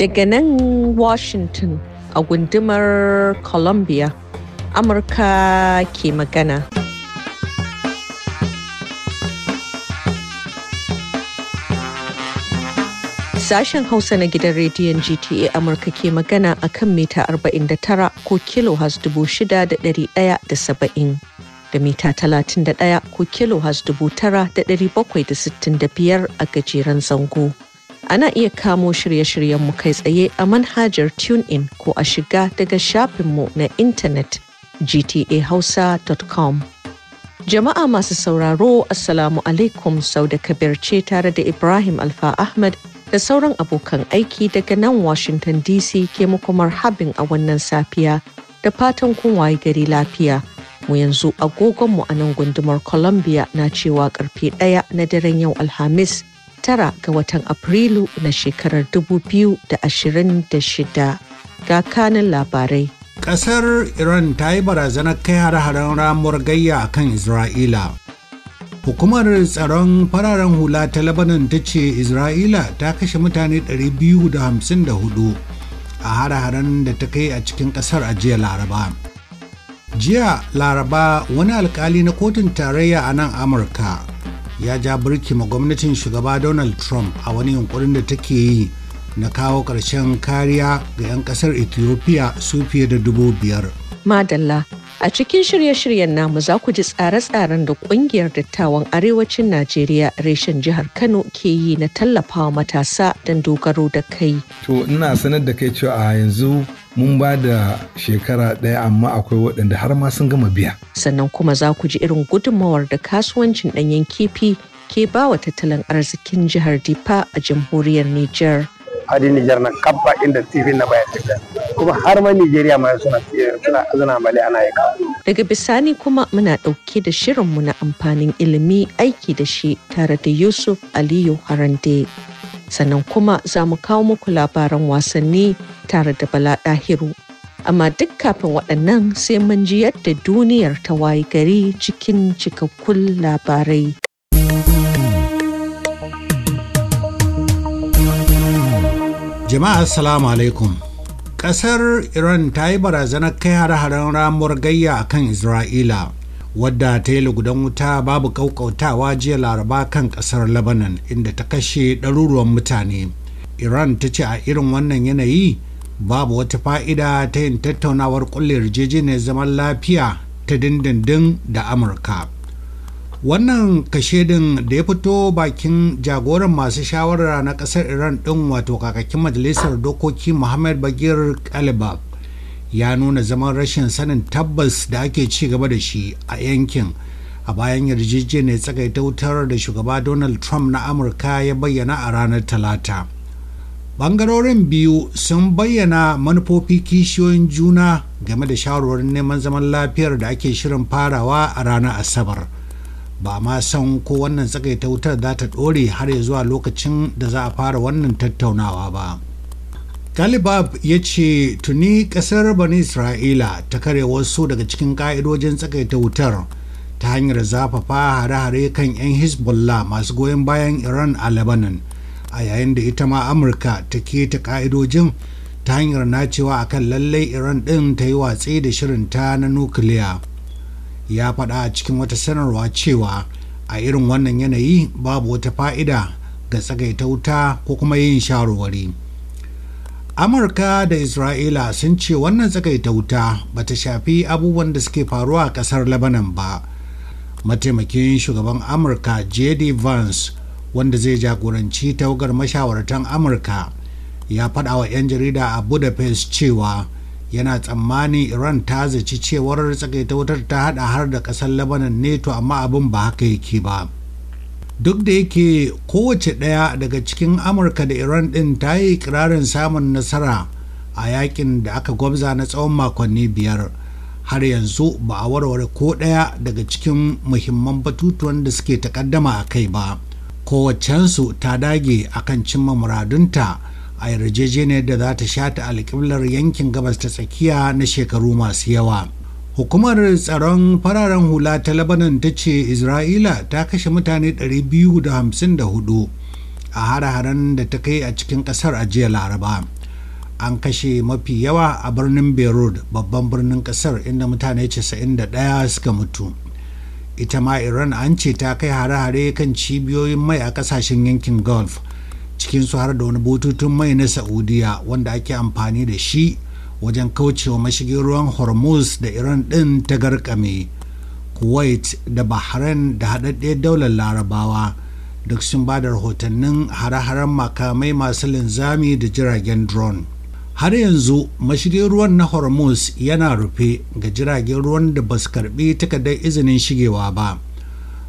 Daga nan Washington a gundumar Columbia, Amurka ke magana. Sashen Hausa na gidan rediyon GTA Amurka ke magana a kan mita 49 ko kilo dubu shida da ɗari ɗaya da saba'in. da mita 31 ko kilo has biyar a gajeren zango. Ana iya kamo shirye-shiryenmu kai tsaye a manhajar TuneIn ko a shiga daga shafinmu na intanet gtahausa.com. Jama'a masu sauraro, Assalamu alaikum sau da kabir ce tare da Ibrahim Alfa Ahmad da sauran abokan aiki daga nan Washington DC ke muku marhabin a wannan safiya da fatan kun waye gari lafiya. mu yanzu agogonmu a nan gundumar Columbia na cewa karfe ɗaya na daren yau Alhamis tara ga watan Afrilu na shekarar 2026 ga kanin labarai. Kasar Iran ta yi barazanar kai har-haren ramuwar gayya a kan Isra'ila. Hukumar tsaron fararen hula ta Lebanon ta ce Isra'ila ta kashe mutane 254 a har-haren da ta kai a cikin kasar a jiya Laraba. jiya laraba wani alkali na kotun tarayya a nan amurka ya ja birki ma gwamnatin shugaba donald trump a wani yunkurin da take yi na kawo ƙarshen kariya ga 'yan ƙasar ethiopia su fiye da dubu biyar madalla A cikin shirye-shiryen namu za ku ji tsare-tsaren da kungiyar dattawan Arewacin Najeriya reshen jihar Kano ke yi na tallafawa matasa don dogaro da kai. To ina sanar da kai cewa a yanzu mun ba da shekara ɗaya amma akwai waɗanda har ma sun gama biya. Sannan kuma za ku ji irin gudummawar da kasuwancin ɗanyen kifi ke ba wa tattalin arzikin jihar DIPA a jamhuriyar Nijar. Hadi na kabba kuma har ma Nijeriya ma suna suna azana bale ana yi kawo. Daga bisani kuma muna ɗauke da shirinmu na amfanin ilimi aiki da shi tare da Yusuf Aliyu Harande. Sannan kuma za mu kawo muku labaran wasanni tare da Bala Ɗahiru. Amma duk kafin waɗannan sai mun ji yadda duniyar ta wayi gari cikin cikakkun labarai. Jama'a Assalamu alaikum. ƙasar iran ta yi barazanar kai har haren ramuwar gayya a kan isra'ila wadda ta yi lugudan wuta babu ƙauƙautawa jiya laraba kan ƙasar lebanon inda ta kashe ɗaruruwan mutane iran ta ce a irin wannan yanayi babu wata fa'ida ta yin tattaunawar ƙulle yarjejeniyar zaman lafiya ta dindindin da amurka wannan kashedin da ya fito bakin jagoran masu shawara na kasar iran din wato kakakin majalisar dokoki muhammad bagir kalibab ya nuna zaman rashin sanin tabbas da ake ci gaba da shi a yankin a bayan yarjejeniyar tsagaita wutar da shugaba donald trump na amurka ya bayyana a ranar talata bangarorin biyu sun bayyana manufofi kishiyoyin juna game da shawarwarin neman zaman lafiyar da ake shirin farawa a ranar asabar. ba ma san ko wannan ta wutar za ta ɗore har ya zuwa lokacin da za a fara wannan tattaunawa ba Talibab ya ce tuni ƙasar Bani Isra'ila ta kare wasu daga cikin ƙa'idojin ta wutar ta hanyar zafafa hare-hare kan 'yan Hezbollah masu goyon bayan Iran a Lebanon a yayin da ita ma Amurka ta keta ƙa'idojin ta hanyar nacewa akan lallai Iran ɗin ta yi watsi da shirinta na nukiliya. ya faɗa a cikin wata sanarwa cewa a irin wannan yanayi babu wata fa'ida ga tsagaita wuta ko kuma yin shawarwari amurka da isra'ila sun ce wannan tsagaita wuta ba ta shafi abubuwan da suke faruwa a ƙasar lebanon ba mataimakin shugaban amurka jd vance wanda zai jagoranci tawagar mashawartan amurka ya faɗa wa 'yan jarida a budapest cewa yana tsammanin iran ta zaci cewar tsakaita wutar ta hada har da kasar labanan neto amma abin ba haka yake ba duk da yake kowace ɗaya daga cikin amurka da iran ɗin ta yi kirarin samun nasara a yakin da aka gwabza na tsawon makonni biyar har yanzu ba a warware ko ɗaya daga cikin muhimman batutuwan da suke takaddama a kai ba kowacensu ta dage akan cimma muradunta a yarjejeniyar da za ta shata alƙiblar yankin gabas ta tsakiya na shekaru masu yawa hukumar tsaron fararen hula ta labanan ta ce isra'ila ta kashe mutane 254 a hare-haren da ta kai a cikin ƙasar a jiya laraba an kashe mafi yawa a birnin beirut babban birnin ƙasar inda mutane 91 suka mutu ita ma iran an ce ta kai hare-hare kan cibiyoyin mai a ƙasashen yankin gulf Cikin su har da wani bututun mai na saudiya wanda ake amfani da shi wajen kaucewa mashigin ruwan hormuz da iran ɗin ta garkame kuwait da bahrain da haɗaɗɗiyar daular larabawa duk sun ba da rahotannin hare-haren makamai masu linzami da jiragen drone har yanzu mashigin ruwan na hormuz yana rufe ga jiragen ruwan da ba su karbi takardar izinin shigewa ba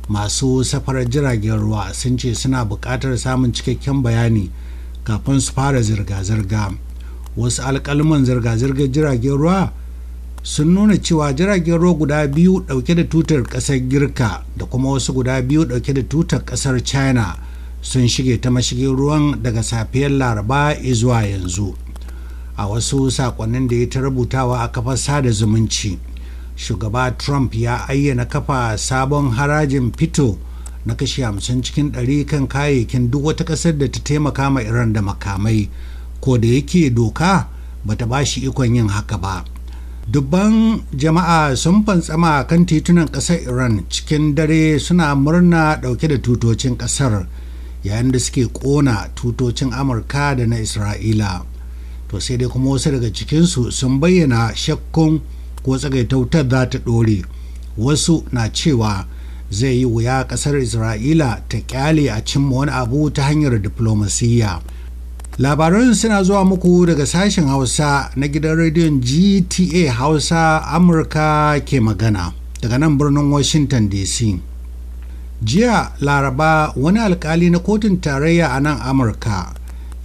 masu safarar jiragen ruwa sun ce suna buƙatar samun cikakken bayani kafin su fara zirga-zirga wasu alƙalman zirga-zirgar jiragen ruwa sun nuna cewa jiragen ruwa guda biyu ɗauke da tutar ƙasar girka da kuma wasu guda biyu ɗauke da tutar ƙasar china sun shige ta mashigin ruwan daga safiyar laraba zuwa yanzu a wasu saƙonnin da ya ta rubutawa a kafar sada zumunci shugaba trump ya ayyana kafa sabon harajin fito na kashi hamsin cikin 100 kan kayayyakin duk wata ƙasar da ta taimaka ma iran da makamai ko da yake doka bata ba shi ikon yin haka ba dubban jama'a sun fantsama kan titunan ƙasar iran cikin dare suna murna ɗauke da tutocin ƙasar yayin da suke ƙona tutocin amurka da na isra'ila to sai dai kuma wasu daga cikinsu sun bayyana shakkun ko tsagaita wutar za ta ɗore wasu na cewa zai yi wuya ƙasar isra'ila ta ƙyale a cimma wani abu ta hanyar diflomasiyya labaran suna zuwa muku daga sashen hausa na gidan rediyon gta hausa amurka ke magana daga nan birnin washington dc jiya laraba wani alkali na kotun tarayya a nan amurka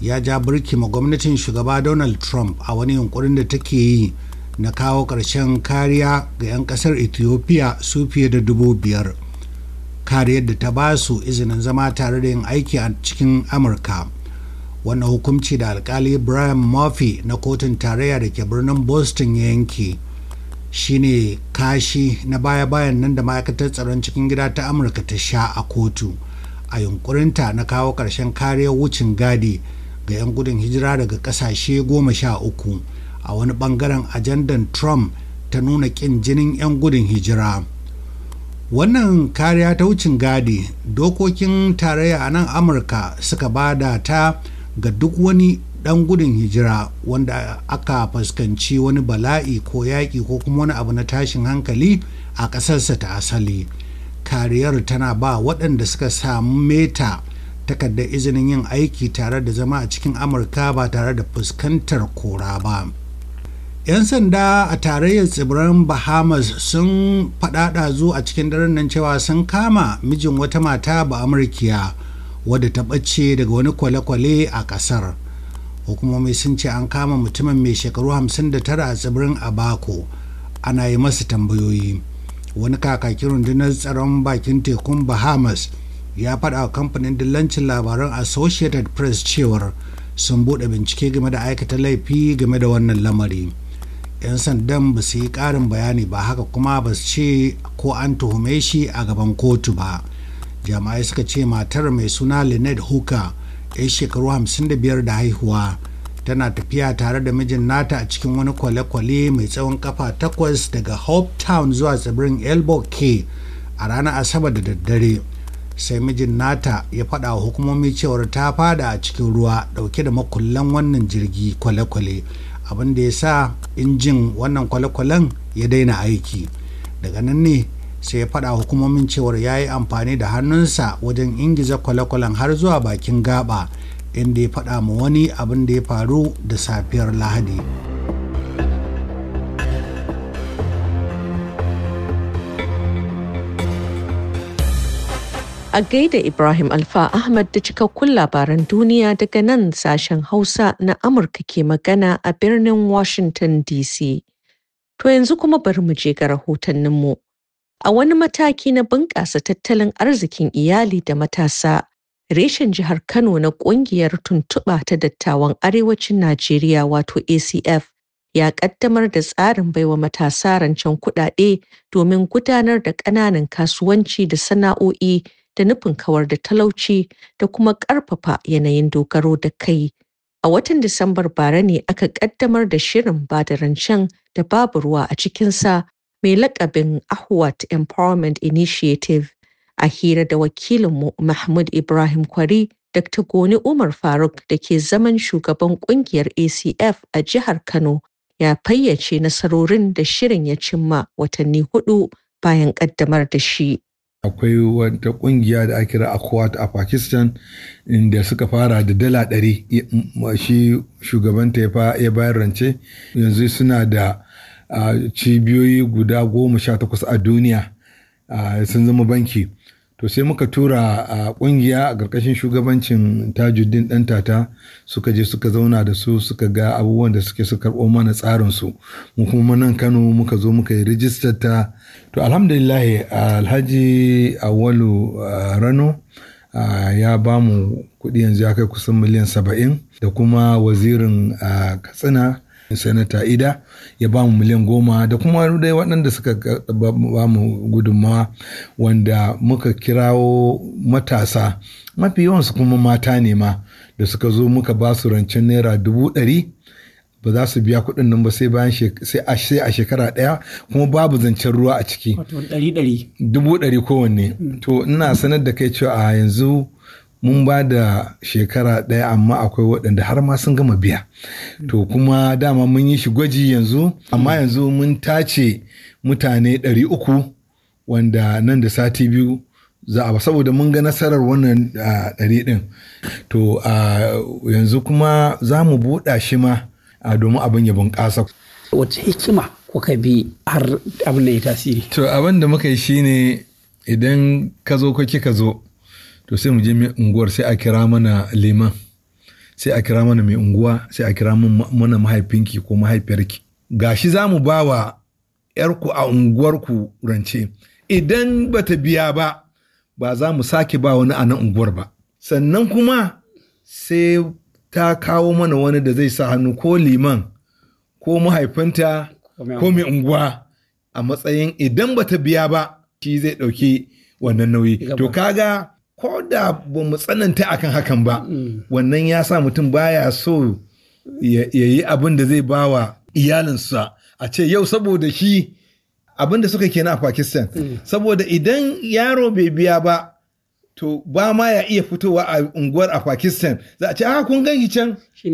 ya ja birki ma gwamnatin shugaba donald trump a wani yunkurin da take yi na kawo ƙarshen kariya ga 'yan ƙasar ethiopia su fiye da dubu biyar kariyar da ta ba su izinin zama tare da yin aiki a cikin amurka wannan hukunci da alkali brian murphy na kotun tarayya da ke birnin boston ya yanke shine kashi na baya-bayan nan da ma'aikatar tsaron cikin gida ta amurka ta sha a kotu a yunkurinta na kawo ƙarshen kariyar wucin gadi ga 'yan gudun hijira daga ƙasashe goma sha uku a wani bangaren ajandan trump ta nuna ƙin jinin 'yan gudun hijira wannan kariya ta wucin gadi dokokin tarayya a nan amurka suka bada ta ga duk wani dan gudun hijira wanda aka fuskanci wani bala'i ko yaƙi ko kuma wani abu na tashin hankali a ƙasarsa ta asali kariyar tana ba waɗanda suka samu meta takardar izinin yin aiki tare da zama a cikin amurka ba tare da fuskantar kora ba. 'yan sanda a tarayyar tsibirin bahamas sun faɗaɗa zu a cikin daren nan cewa sun kama mijin wata mata ba amurkiya wadda ta ɓace daga wani kwale-kwale a ƙasar hukumomi sun ce an kama mutumin mai shekaru 59 a tsibirin abaco ana yi masa tambayoyi wani kakakin rundunar tsaron bakin tekun bahamas ya faɗa wa kamfanin dillancin labaran associated press cewar sun buɗe bincike game da aikata laifi game da wannan lamari. 'yan sandan ba su yi ƙarin bayani ba haka kuma ba su ce ko an tuhume shi a gaban kotu ba jama'ai suka ce matar mai suna lynette hooker 'yan shekaru 55 da haihuwa tana tafiya tare da mijin nata a cikin wani kwale-kwale mai tsawon kafa takwas daga hope town zuwa tsibirin elbow k a ranar asabar da daddare sai mijin nata ya faɗawa hukumomi cewar ta fada a cikin ruwa ɗauke da makullan wannan jirgi kwale-kwale abin da ya sa injin wannan kwale-kwalen ya daina aiki daga nan ne sai ya faɗa hukumomin cewar ya yi amfani da hannunsa wajen ingiza kwale-kwalen har zuwa bakin gaba inda ya faɗa ma wani abin da ya faru da safiyar lahadi. A gaida Ibrahim Alfa Ahmad da cikakkun labaran duniya daga nan sashen Hausa na Amurka ke magana a birnin Washington DC. To yanzu kuma bari mu je ga rahotanninmu. A wani mataki na bunƙasa tattalin arzikin iyali da matasa, reshen jihar Kano na ƙungiyar tuntuɓa ta dattawan Arewacin Najeriya wato ACF ya ƙaddamar da tsarin baiwa matasa rancen kuɗaɗe domin gudanar da ƙananan kasuwanci da sana'o'i da nufin kawar da talauci da kuma ƙarfafa yanayin dogaro da kai. A watan Disambar bara ne aka ƙaddamar da shirin ba da rancen da babu ruwa a cikinsa mai laƙabin Ahwat Empowerment Initiative a hira da wakilinmu Mahmud Ibrahim Kwari Dr. Goni Umar Faruk da ke zaman shugaban ƙungiyar ACF a jihar Kano ya fayyace nasarorin da shirin ya cimma watanni hudu bayan ƙaddamar da shi. akwai wata kungiya da ake kira akwat a pakistan inda suka fara da dala ɗari mm, shi shugabanta ya bayar rance yanzu suna da ah, cibiyoyi guda goma sha takwas a duniya ah, sun zama banki to sai muka tura a kungiya a ƙarƙashin shugabancin tajuddin ɗan tata suka je suka zauna da su suka ga abubuwan da suke su karɓo mana tsarin su mu kuma nan kano muka zo muka yi rijistar ta to alhamdulillah alhaji awalu rano ya ba mu kuɗi yanzu ya kai kusan miliyan saba'in da kuma wazirin katsina Sanata Ida ya bamu mu miliyan goma da kuma dai waɗanda suka ba mu gudunmawa wanda muka kirawo matasa mafi yawansu kuma mata ne ma da suka zo muka ba su rancen naira dubu ɗari ba za su biya kuɗin nan ba sai bayan sai a shekara ɗaya kuma babu zancen ruwa a ciki. Dubu ɗari kowanne. Mm. To ina sanar da kai cewa a yanzu mun ba da shekara ɗaya amma akwai waɗanda har ma sun gama biya to kuma dama mun yi shi gwaji yanzu amma yanzu mun tace mutane ɗari uku wanda nan da sati biyu za a saboda mun ga nasarar wannan ɗari ɗin to yanzu kuma za mu buɗa shi ma domin abin ya bunƙasa wace hikima kuka bi har abin da ya tasiri to abin da muka yi shine idan ka zo ko kika zo to sai mu je mai unguwar sai a kira mana liman sai a kira mana mai unguwa sai a kira mana mahaifinki ko mahaifiyarki gashi za mu ba wa yarku a unguwarku rance idan ba ta biya ba ba za mu sake ba wani a unguwar ba sannan kuma sai ta kawo mana wani da zai sa hannu ko liman ko mahaifinta ko mai unguwa a matsayin idan ba ta biya ba shi zai ɗauki wannan nauyi to kaga ko da ba mu tsananta akan hakan ba mm. wannan ya sa mutum baya so ya yi abin da zai ba bawa iyalinsa a ce yau saboda shi abin da suka kenan a pakistan mm. saboda idan yaro bai biya ba to ba ma ya iya fitowa a unguwar a pakistan za a ce a ah, kun gan can shi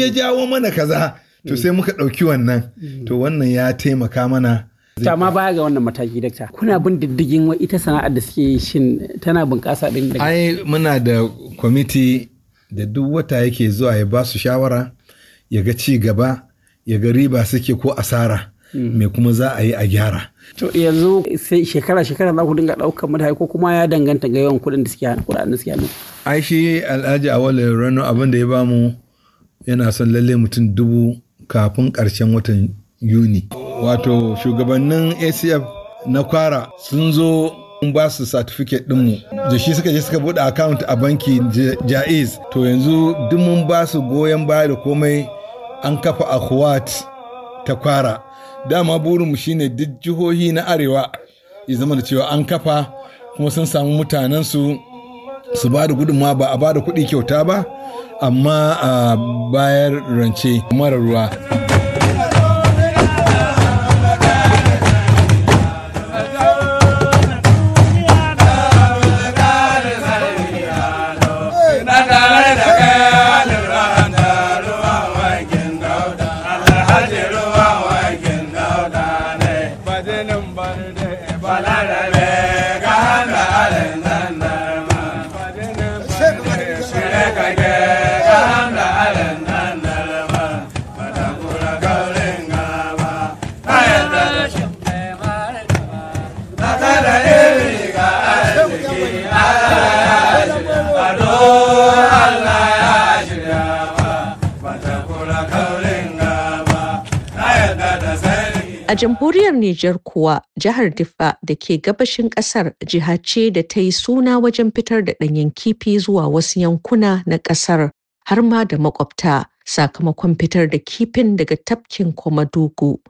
ya jawo mana kaza to mm. sai muka ɗauki wannan to wannan ya taimaka mana ta ma baya ga wannan mataki dakta kuna bin diddigin wa ita sana'ar da suke shin tana bunƙasa din da ai muna da kwamiti da duk wata yake zuwa ya ba su shawara ya ga ci gaba ya ga riba suke ko asara hmm. me kuma za a yi a gyara to yanzu sai shekara shekara za ku dinga ɗaukar mutane ko kuma ya danganta ga yawan kuɗin da suke hannu kuɗaɗen da suke hannu ai shi alhaji awal rano abin da ya bamu yana son lalle mutum dubu kafin ƙarshen watan yuni wato shugabannin acf na kwara sun zo ba su certificate dinmu da shi suka je suka bude account a banki jaiz to yanzu duk mun ba su goyon baya da komai an kafa a kuwat ta kwara dama burinmu shine duk jihohi na arewa ya zama da cewa an kafa kuma sun samu mutanensu su ba da gudunma ba a ba da kuɗi kyauta ba amma a bayar rance mara ruwa. Hajj A jamhuriyar Nijar kuwa jihar Diffa da ke gabashin ƙasar jiha ce da ta yi suna wajen fitar da ɗanyen kifi zuwa wasu yankuna na ƙasar har ma da makwabta sakamakon fitar da kifin daga tafkin Komadugu.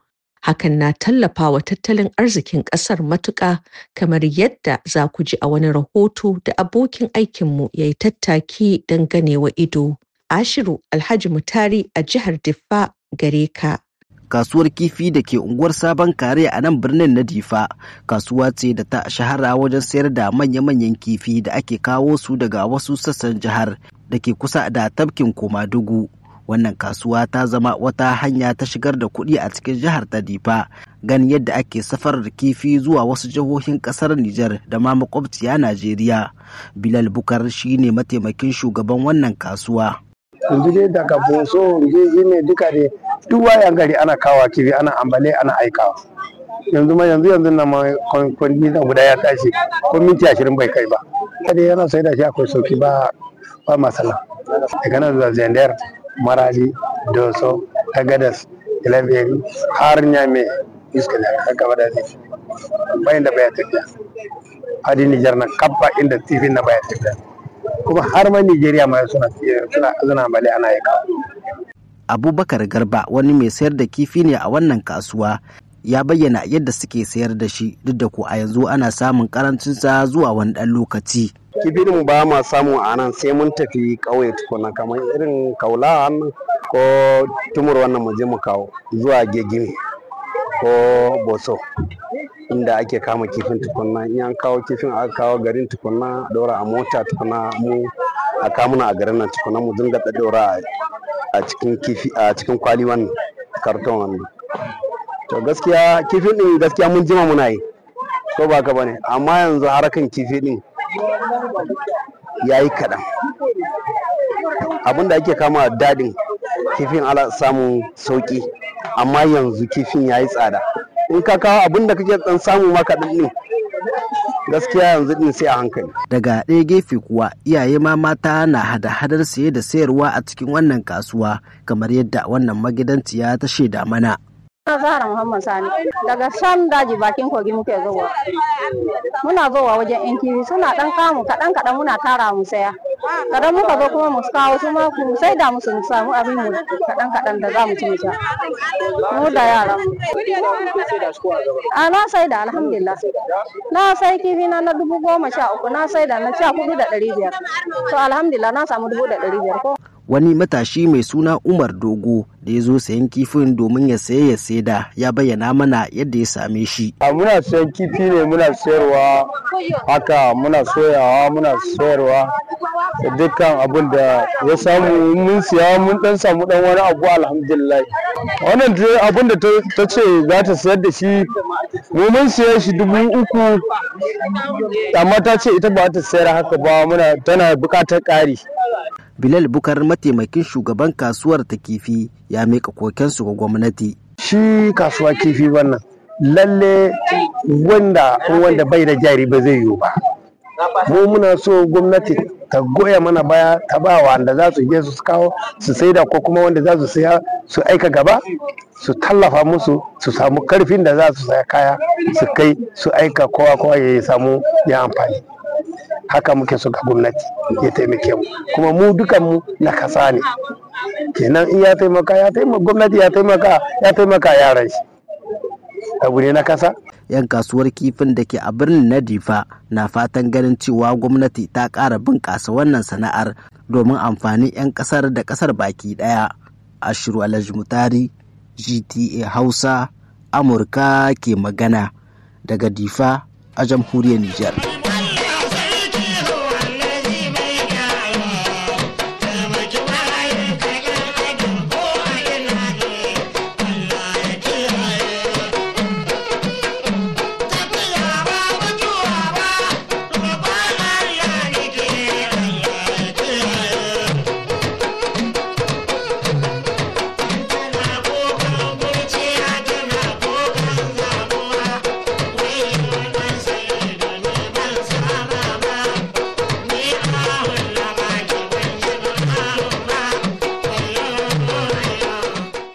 Hakan na tallafa wa tattalin arzikin ƙasar matuƙa kamar yadda za ku ji a wani rahoto da abokin aikinmu ya yi tattaki don ganewa ido. Ashiru Alhaji Mutari a jihar Diffa gare ka. kasuwar kifi da ke unguwar sabon kare a nan birnin na difa kasuwa ce da ta shahara wajen sayar da manya-manyan kifi da ake kawo su daga wasu sassan jihar da ke kusa da tafkin komadugu wannan kasuwa ta zama wata hanya ta shigar da kuɗi a cikin jihar ta difa gan yadda ake safarar kifi zuwa wasu jihohin ƙasar Nijar da ma makwabciya Najeriya. Bilal Bukar shine mataimakin shugaban wannan kasuwa. yanzu dai daga boso je ne duka ne duk wayan gari ana kawa kifi ana ambale ana aikawa yanzu ma yanzu yanzu na ma kwanni da guda ya tashi ko minti ashirin bai kai ba kada yana sai da shi akwai sauki ba ba masala daga nan da zender marali doso tagadas ilaberi har nyame iska da kan gaba da zai bayan da baya tafiya hadi nijar na kabba inda tifin na baya tafiya kuma har ma Nigeria ma suna suna bale ana yi Abubakar Garba wani mai sayar da kifi ne a wannan kasuwa ya bayyana yadda suke sayar da shi duk da ko a yanzu ana samun karancin sa zuwa wani ɗan lokaci. Kifin ba ma samu a nan sai mun tafi ƙauye tukuna kamar irin kaula ko tumur wannan mu je mu kawo zuwa gegini ko boso inda ake kama kifin tukunna in an kawo kifin aka kawo garin tukunna daura a mota tukunna mu a kamuna a garin nan tukunna mu dinga daura a cikin kifi a cikin kwali wannan karton wannan to gaskiya kifin din gaskiya mun jima muna yi ko ba ka bane amma yanzu harakan kifi din yayi kaɗan abin da ake kama dadin kifin ala samun sauki amma yanzu kifin yayi tsada in ka kawo abin da kake dan samu maka din gaskiya yanzu din sai a hankali daga ɗaya gefe kuwa iyaye ma mata na hada-hadar saye da sayarwa a cikin wannan kasuwa kamar yadda wannan magidanci ya ta shaida mana Zara Muhammad Sani daga shan daji bakin kogi muke zuwa. Muna zuwa wajen 'yan suna ɗan kamu kaɗan kaɗan muna tara mu saya. kadan muka zo kuma mu kawo su ku sai da musu samu abin mu kadan kadan da za mu ci mu mu da yaran a na sai da alhamdulillah na sai kifi na na dubu goma sha uku na sai da na sha kudu da ɗari biyar to alhamdulillah na samu dubu da ɗari biyar ko wani matashi mai suna umar dogo da ya zo sayan kifin domin ya saye ya saida ya bayyana mana yadda ya same shi a muna sayan kifi ne muna sayarwa haka muna soyawa muna sayarwa da dukkan abin da ya samu mun siya mun dan samu dan wani abu alhamdulillah wannan abin da ta ce za ta sayar da shi mu mun siya shi dubu uku amma ta ce ita ba ta sayar haka ba muna tana bukatar ƙari bilal bukar mataimakin shugaban kasuwar ta kifi ya mika kokensu ga gwamnati shi kasuwa kifi wannan lalle wanda wanda bai da jari ba zai yiwu ba mu muna so gwamnati ta goya mana baya ta ba wanda za su je su kawo su saida ko kuma wanda za su saya su aika gaba su tallafa musu su samu karfin da za su saya kaya su kai su aika kowa kowa ya samu ya amfani haka muke so ga gwamnati ya taimake mu kuma mu dukan mu na kasa ne kenan in ya taimaka ya taimaka gwamnati ya taimaka ya taimaka yaran shi abu ne na kasa yan kasuwar kifin da ke a birnin na difa na fatan ganin cewa gwamnati ta ƙara bunƙasa wannan sana'ar domin amfanin 'yan ƙasar da ƙasar baki ɗaya shiru alhaji mutari gta hausa amurka ke magana daga difa a jamhuriyar nijar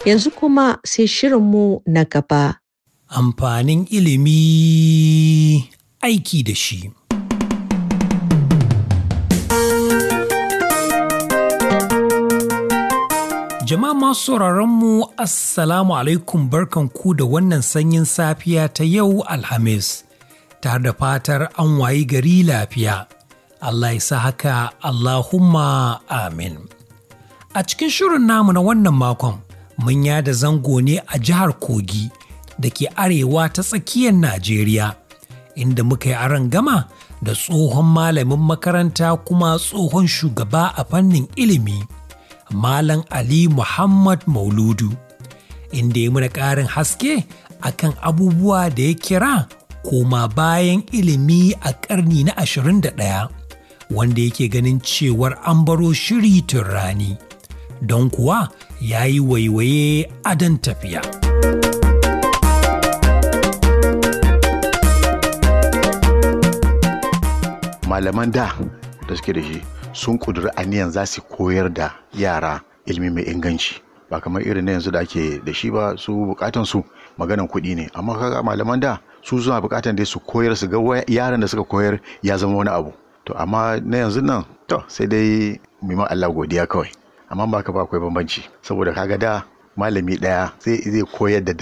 Yanzu kuma sai shirinmu na gaba. Amfanin ilimi aiki da shi. Jama'a masu sauraronmu Assalamu alaikum barkan ku da wannan sanyin safiya ta yau Alhamis, tare da fatar an wayi gari lafiya. Allah ya sa haka Allahumma amin. A cikin shirin namu na wannan makon, mun yada zango ne a jihar Kogi da ke arewa ta tsakiyar Najeriya, inda muka yi aron gama da tsohon malamin makaranta kuma tsohon shugaba a fannin ilimi, Malam Ali Muhammad Mauludu, inda ya muna ƙarin haske akan abubuwa da ya kira koma bayan ilimi a ƙarni na ashirin da ɗaya, wanda yake ganin cewar an baro shiri turani, Don kuwa ya yi waiwaye adon tafiya. Malaman da da suke da shi sun ƙudiri aniyan za su koyar da yara ilmi mai inganci. ba kamar irin na yanzu da ake da shi ba su bukatan su maganan kuɗi ne amma kaga malaman da su suna bukatan dai su koyar su ga yaran da suka koyar ya zama wani abu to amma na yanzu nan to sai dai mu Allah godiya kawai amma ba ka ba akwai bambanci saboda kaga da malami ɗaya zai koyar da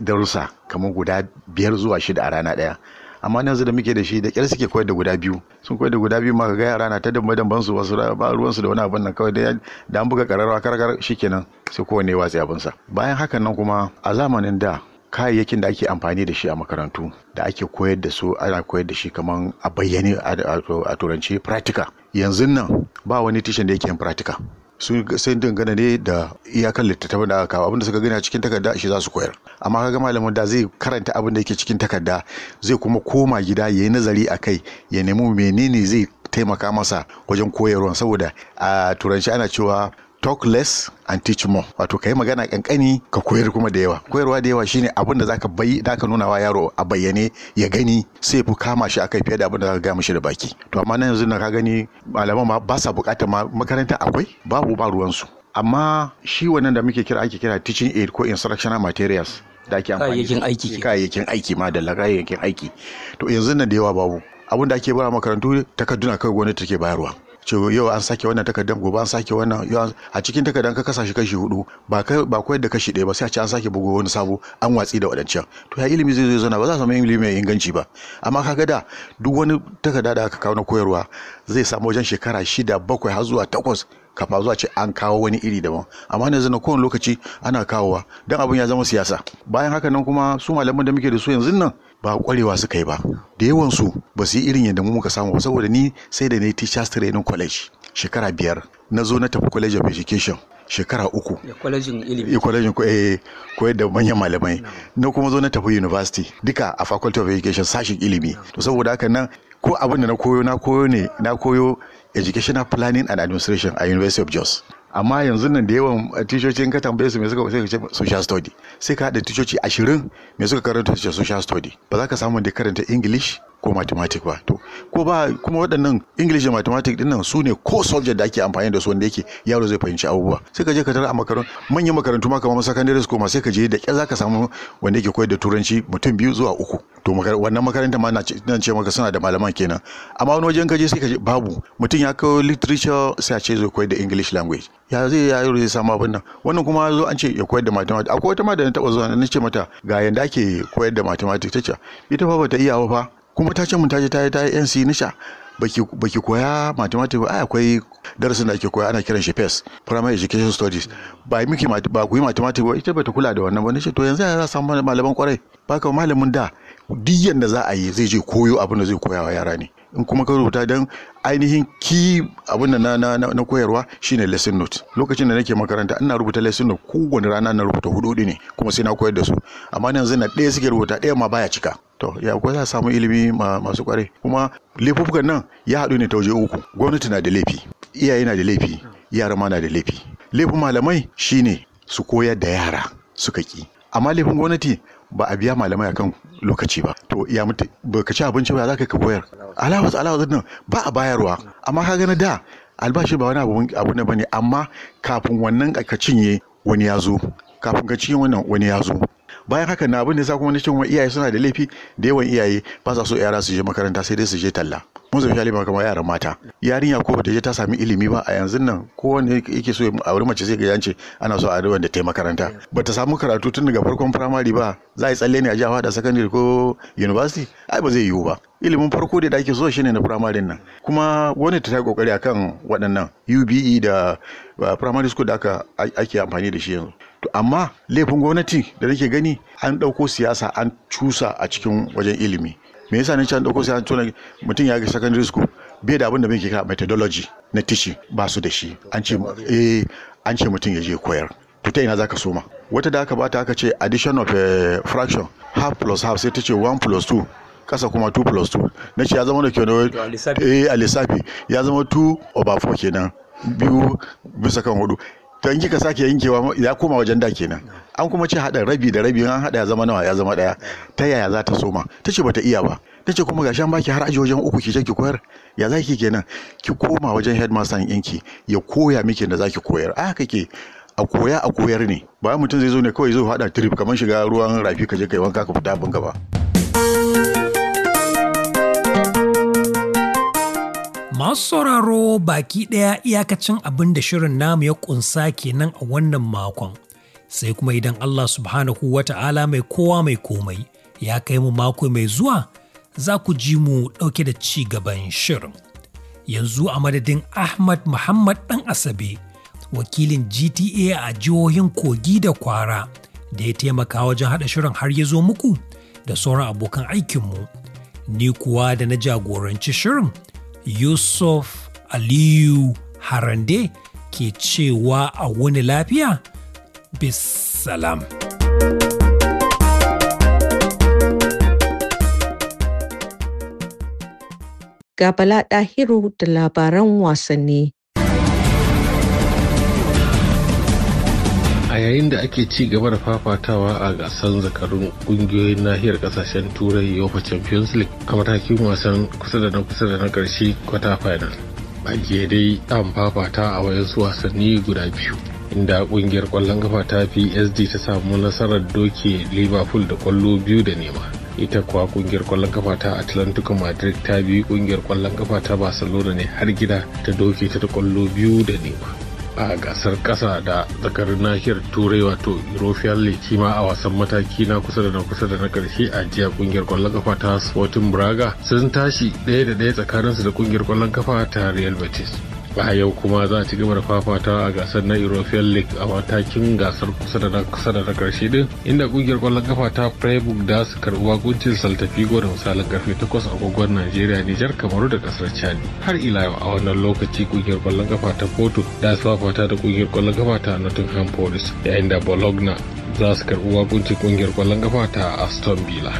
darussa kamar guda biyar zuwa shida a rana daya amma yanzu da muke da shi da kyar suke koyar da guda biyu sun koyar da guda biyu ma ga yara rana ta dambe damban su wasu ba ruwan su da wani abin nan kawai da da an buga kararwa karkar shikenan sai kowane ya watsi abin bayan hakan nan kuma a zamanin da kayayyakin da ake amfani da shi a makarantu da ake koyar da su ana koyar da shi kamar a bayyane a turanci practical yanzu nan ba wani tishin da yake yin practical sun dangana ne da iyakan littattafan da aka kawo abinda suka gani a cikin takarda shi za su koyar amma kaga malamin da zai karanta abin da yake cikin takarda zai kuma koma gida ya yi nazari a kai ya nemi menene zai taimaka masa wajen koyarwa saboda a turanci ana cewa talk less and teach more wato kai magana kankani ka koyar kuma da yawa koyarwa da yawa shine abin da zaka bai zaka nuna wa yaro a bayyane ya gani sai fi kama shi akai fiye da abin da zaka ga mishi da baki to amma nan yanzu na ka gani malaman ma ba sa bukatar ma makaranta akwai babu ba ruwan su amma shi wannan da muke kira ake kira teaching aid ko instructional materials da ake amfani kayayyakin aiki kayayyakin aiki ma da kayayyakin aiki to yanzu nan da yawa babu abin da ake bara makarantu takarduna kai gwamnati take bayarwa ce yau an sake wannan takardar gobe an sake wannan a cikin takardar ka kasa kashi hudu ba kai ba koyar da kashi ɗaya ba sai a ce an sake bugo wani sabo an watsi da wadancan to ya ilimi zai zo zana ba za a samu ilimi mai inganci ba amma kaga da duk wani takarda da aka kawo na koyarwa zai samu wajen shekara shida bakwai har zuwa takwas kafa zuwa ce an kawo wani iri daban amma yanzu na kowane lokaci ana kawowa dan abin ya zama siyasa bayan haka nan kuma su malaman da muke da su yanzu nan ba kwarewa suka yi ba da yawan su ba su yi irin yadda mu muka samu ba saboda ni sai da na yi teachers training college shekara biyar na zo na tafi college of education shekara uku kwalejin ilimi eh, kwalejin eh, koyar da manyan malamai na kuma zo na tafi university duka a faculty of education sashin ilimi to saboda haka nan ko abin da na koyo na koyo ne na koyo educational planning and administration a university of jos amma yanzu nan da yawan eh, tishoci in ka tambaye su me suka sai ce social study sai ka haɗa tishoci ashirin me suka karanta su social study ba za ka samu da karanta english ko mathematics ba to ko ba kuma waɗannan english da mathematics dinnan su ne ko soldier da ake amfani da su wanda yake yaro zai fahimci abubuwa sai ka je ka tara a makarantu manyan makarantu ma kamar secondary school ma sai ka je da ƙyar ka samu wanda yake koyar da turanci mutum biyu zuwa uku to wannan makaranta ma na ce maka suna da malaman kenan amma wani wajen ka je sai ka je babu mutum ya kawo literature sai a ce zai koyar da english language ya zai ya yi zai samu abin nan wannan kuma zo an ce ya koyar da mathematics akwai wata ma da na taba zuwa na ce mata ga yanda ake koyar da mathematics tace ita fa bata iya ba fa kuma ta ce mun ta je ta yi ta yi NC nisha baki koya mathematics ba akwai darasin da ake koya ana kiran shi PES primary education studies ba miki ba ku yi mathematics ba ita bata kula da wannan ba nace to yanzu ya samu malaman kwarai ba ka malamin da diyan da za a yi zai je koyo abin da zai koya wa yara ne in kuma ka rubuta don ainihin ki abin da na, na, na, koyarwa shine lesson note lokacin da nake makaranta ina rubuta lesson note kowane rana na rubuta hudu ne kuma sai na koyar da su amma yanzu na ɗaya suke rubuta ɗaya ma baya cika to ya ko za samu ilimi masu kware kuma laifukan nan ya haɗu ne ta waje uku gwamnati na da laifi iyaye na da laifi yara ma na da laifi laifin malamai shine su koyar da yara suka ki amma laifin gwamnati ba a biya malamai akan lokaci ba to ya mutu ba ka ci abinci ba za ka ka koyar alawas alawas din ba a bayarwa amma ka gani da albashi ba wani abu ne bane amma kafin wannan ka cinye wani ya zo kafin ka cinye wannan wani ya zo bayan haka na abin da yasa kuma ne cewa iyaye suna da laifi da yawan iyaye ba sa so yara su je makaranta sai dai su je talla mun zafi shalima kamar yaran mata yarinya ko bata je ta sami ilimi ba a yanzu nan ko wanda yake so a wuri mace zai ga yance ana so a da ta makaranta bata samu karatu tun daga farkon firamare ba za a yi tsalle ne a jiha da sakandare ko university ai ba zai yiwu ba ilimin farko da ake so shine na firamare nan kuma wani ta yi kokari akan waɗannan UBE da uh, primary school da aka ake amfani da shi yanzu amma laifin gwamnati da nake gani an ɗauko siyasa an cusa a cikin wajen ilimi me yasa nace an ɗauko siyasa an tuna mutum ya ga secondary school bai da abin da muke kira methodology na tishi ba su da shi an ce eh an ce mutum ya je koyar to ta ina zaka soma wata da aka bata aka ce addition of a eh, fraction half plus half sai ta ce 1 plus 2 kasa kuma 2 plus 2 na ce ya zama da kyau eh, eh a lissafi ya zama 2 over 4 kenan biyu bisa kan hudu to kika sake yankewa ya koma wajen da kenan an kuma ce haɗa rabi da rabi an haɗa ya zama nawa ya zama ɗaya ta yaya za ta soma ta ce bata iya ba ta ce kuma gashan baki har aji wajen uku ki ki koyar ya zaki kenan ki koma wajen headmaster yanki ya koya miki da zaki koyar a haka ke a koya a koyar ne ba mutum zai zo ne kawai zo haɗa trip kamar shiga ruwan rafi ka je kai wanka ka fita abin ba. Masu sauraro baki ɗaya iyakacin abin da shirin namu ya ƙunsa kenan a wannan makon. Sai kuma idan Allah subhanahu wa ta'ala mai kowa mai komai ya kai mu mako mai zuwa za ku ji mu ɗauke da ci gaban shirin. Yanzu a madadin Ahmad Muhammad ɗan Asabe, wakilin GTA a jihohin Kogi da Kwara, da ya taimaka wajen haɗa shirin har ya zo muku da sauran abokan aikinmu. Ni kuwa da na jagoranci shirin. yusuf aliyu harande ke cewa a wani lafiya bissalam ga Bala Ɗahiru da labaran wasanni. a yayin da ake ci gaba da fafatawa a gasar zakarun kungiyoyin nahiyar kasashen turai yofa champions league a matakin wasan kusa da na kusa da na karshe kwata final a dai an fafata a wayansu wasanni guda biyu inda kungiyar kwallon kafa ta psd ta samu nasarar doke liverpool da kwallo biyu da nema ita kuwa kungiyar kwallon kafa ta atlantico madrid ta biyu kungiyar kwallon kafa ta barcelona ne har gida ta doke ta da kwallo biyu da nema a gasar kasa da tsakar nahiyar turai wato european league kima a wasan mataki na kusa da na kusa da na karshe a jiya kungiyar kwallon kafa ta sporting braga sun tashi daya da daya tsakaninsu da kungiyar kwallon kafa ta real betis a yau kuma za a ci gaba da fafata a gasar na european league a matakin gasar kusa da kusa da karshe din inda kungiyar kwallon kafa ta freiburg da su karbi wakuncin saltafi da misalin karfe 8 agogon najeriya nijar kamaru da kasar chad har ila yau a wannan lokaci kungiyar kwallon kafa ta porto da su fafata da kungiyar kwallon kafa ta nottingham forest yayin da bologna za su karbi wakuncin kungiyar kwallon kafa ta aston villa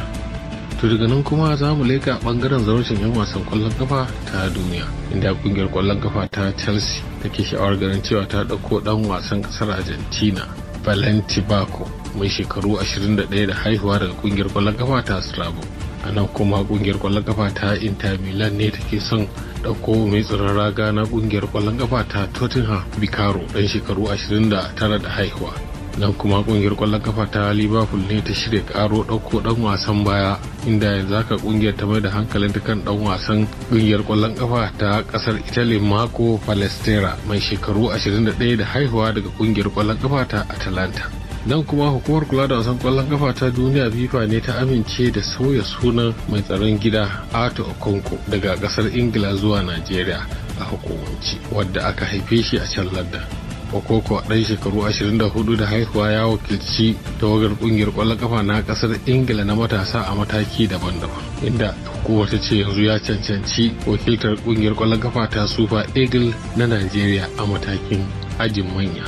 to daga nan kuma za mu leka bangaren zarocin yan wasan kwallon kafa ta duniya inda kungiyar kwallon kafa ta chelsea take sha'awar ganin cewa ta ɗauko ɗan wasan ƙasar argentina valenti bako mai shekaru 21 da haihuwa daga kungiyar kwallon kafa ta strabo a nan kuma kungiyar kwallon kafa ta inter milan ne take son ɗauko mai tsaron raga na kungiyar kwallon kafa ta tottenham bikaro ɗan shekaru 29 da haihuwa nan kuma kungiyar kwallon kafa ta liverpool ne ta shirya karo dauko dan wasan baya inda yanzu haka kungiyar ta mai da hankalin ta kan dan wasan kungiyar kwallon kafa ta ƙasar italy marco palestera mai shekaru 21 da haihuwa daga kungiyar kwallon kafa ta atalanta nan kuma hukumar kula da wasan kwallon kafa ta duniya fifa ne ta amince da sauya sunan mai tsaron gida ato okonko daga kasar ingila zuwa nigeria a hukumanci wadda aka haife shi a can london okoko ɗan shekaru 24 da haihuwa ya wakilci tawagar ƙungiyar ƙwallon kafa na ƙasar ingila na matasa a mataki daban-daban inda hukumar ta ce yanzu ya cancanci wakiltar ƙungiyar ƙwallon kafa ta sufa eagle na najeriya a matakin ajin manya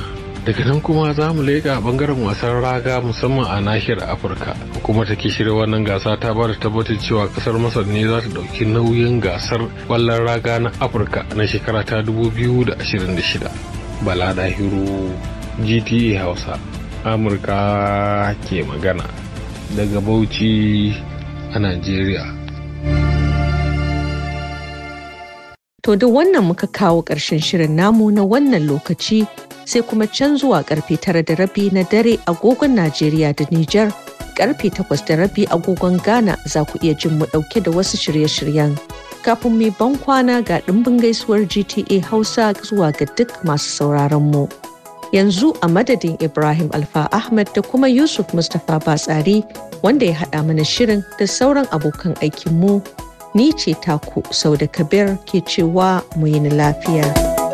daga nan kuma za mu leƙa bangaren wasan raga musamman a nahiyar afirka kuma ke shirya wannan gasa ta ba da tabbatar cewa ƙasar masar ne za ta ɗauki nauyin gasar ƙwallon raga na afirka na shekara ta 2026 bala dahiru gta e hausa amurka ke magana daga bauchi a nigeria to da wannan muka kawo ƙarshen shirin namu na wannan lokaci sai kuma can zuwa karfe tara da rabi na dare agogon Najeriya da Nijar karfe takwas da rabi agogon Ghana za ku iya jin mu dauke da wasu shirye-shiryen. Kafin mai ban kwana ga ɗimbin gaisuwar GTA Hausa zuwa ga duk masu sauraron mu. Yanzu a madadin Ibrahim Alfa Ahmed da kuma Yusuf Mustapha Batsari wanda ya haɗa mana shirin da sauran abokan aikinmu, ni ce taku sau da kabir ke cewa mu yi lafiya.